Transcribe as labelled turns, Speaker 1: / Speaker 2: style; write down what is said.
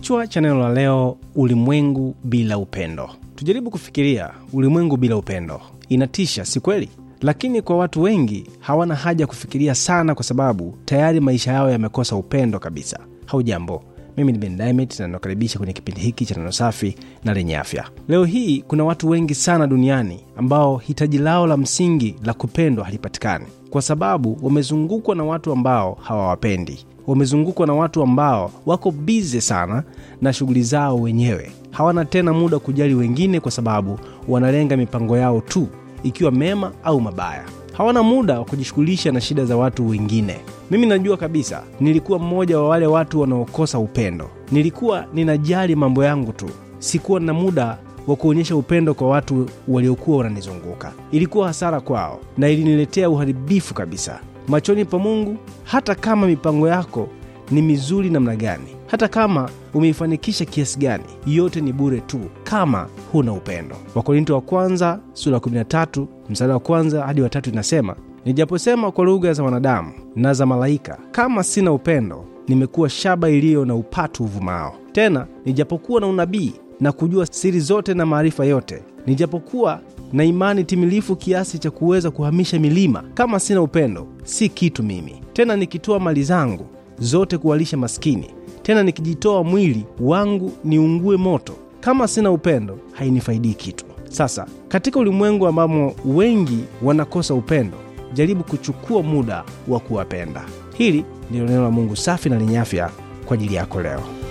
Speaker 1: Kichwa cha neno la leo, ulimwengu bila upendo. Tujaribu kufikiria ulimwengu bila upendo. Inatisha, si kweli? Lakini kwa watu wengi hawana haja ya kufikiria sana, kwa sababu tayari maisha yao yamekosa upendo kabisa. Haujambo, mimi ni bendamit na nakaribisha kwenye kipindi hiki cha neno safi na lenye afya. Leo hii kuna watu wengi sana duniani ambao hitaji lao la msingi la kupendwa halipatikani, kwa sababu wamezungukwa na watu ambao hawawapendi wamezungukwa na watu ambao wako bize sana na shughuli zao wenyewe. Hawana tena muda kujali wengine, kwa sababu wanalenga mipango yao tu, ikiwa mema au mabaya. Hawana muda wa kujishughulisha na shida za watu wengine. Mimi najua kabisa, nilikuwa mmoja wa wale watu wanaokosa upendo. Nilikuwa ninajali mambo yangu tu, sikuwa na muda wa kuonyesha upendo kwa watu waliokuwa wananizunguka. Ilikuwa hasara kwao na iliniletea uharibifu kabisa machoni pa Mungu, hata kama mipango yako ni mizuri namna gani, hata kama umeifanikisha kiasi gani, yote ni bure tu kama huna upendo. Wakorinto wa kwanza sura ya 13 mstari wa kwanza hadi wa tatu inasema, nijaposema kwa lugha za wanadamu na za malaika, kama sina upendo, nimekuwa shaba iliyo na upatu uvumao. Tena nijapokuwa na unabii na kujua siri zote na maarifa yote, nijapokuwa na imani timilifu kiasi cha kuweza kuhamisha milima. Kama sina upendo, si kitu mimi. Tena nikitoa mali zangu zote kuwalisha maskini, tena nikijitoa mwili wangu niungue moto, kama sina upendo, hainifaidii kitu. Sasa katika ulimwengu ambamo wengi wanakosa upendo, jaribu kuchukua muda wa kuwapenda. Hili ndilo neno la Mungu safi na lenye afya kwa ajili yako leo.